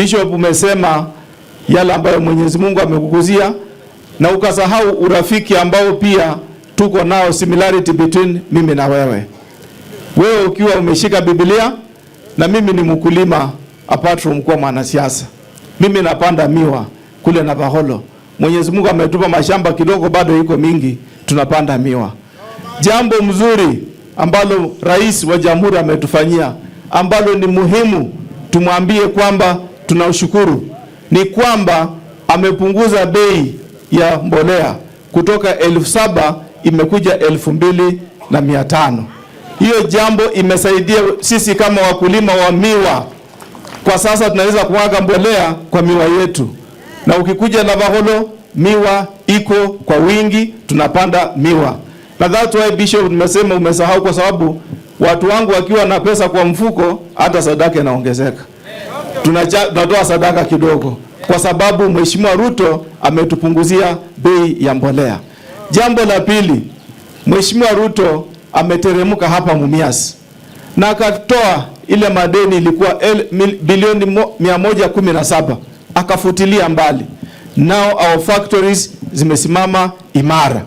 Bishop, umesema yale ambayo Mwenyezi Mungu amekukuzia na ukasahau urafiki ambao pia tuko nao, similarity between mimi na wewe. Wewe ukiwa umeshika Biblia na mimi ni mkulima, apart from kuwa mwanasiasa. Mimi napanda miwa kule na Baholo. Mwenyezi Mungu ametupa mashamba kidogo, bado iko mingi, tunapanda miwa. Jambo mzuri ambalo rais wa jamhuri ametufanyia ambalo ni muhimu tumwambie kwamba tunaushukuru ni kwamba amepunguza bei ya mbolea kutoka elfu saba imekuja elfu mbili na mia tano. Hiyo jambo imesaidia sisi kama wakulima wa miwa, kwa sasa tunaweza kumwaga mbolea kwa miwa yetu, na ukikuja vaholo miwa iko kwa wingi, tunapanda miwa na that's why Bishop, nimesema umesahau, kwa sababu watu wangu wakiwa na pesa kwa mfuko, hata sadaka inaongezeka tunatoa sadaka kidogo, kwa sababu Mheshimiwa Ruto ametupunguzia bei ya mbolea. Jambo la pili, Mheshimiwa Ruto ameteremka hapa Mumias na akatoa ile madeni ilikuwa bilioni 117 akafutilia mbali. Now our factories zimesimama imara.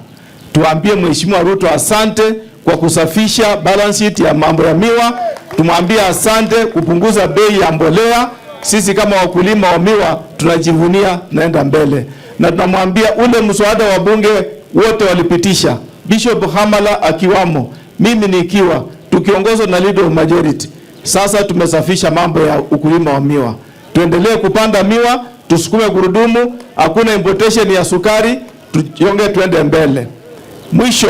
Tuambie Mheshimiwa Ruto asante kwa kusafisha balance sheet ya mambo ya miwa, tumwambie asante kupunguza bei ya mbolea sisi kama wakulima wa miwa tunajivunia, naenda mbele na tunamwambia ule mswada wa bunge wote walipitisha, Bishop Hamala akiwamo, mimi nikiwa, tukiongozwa na leader of majority. Sasa tumesafisha mambo ya ukulima wa miwa, tuendelee kupanda miwa, tusukume gurudumu, hakuna importation ya sukari, tujonge, tuende mbele mwisho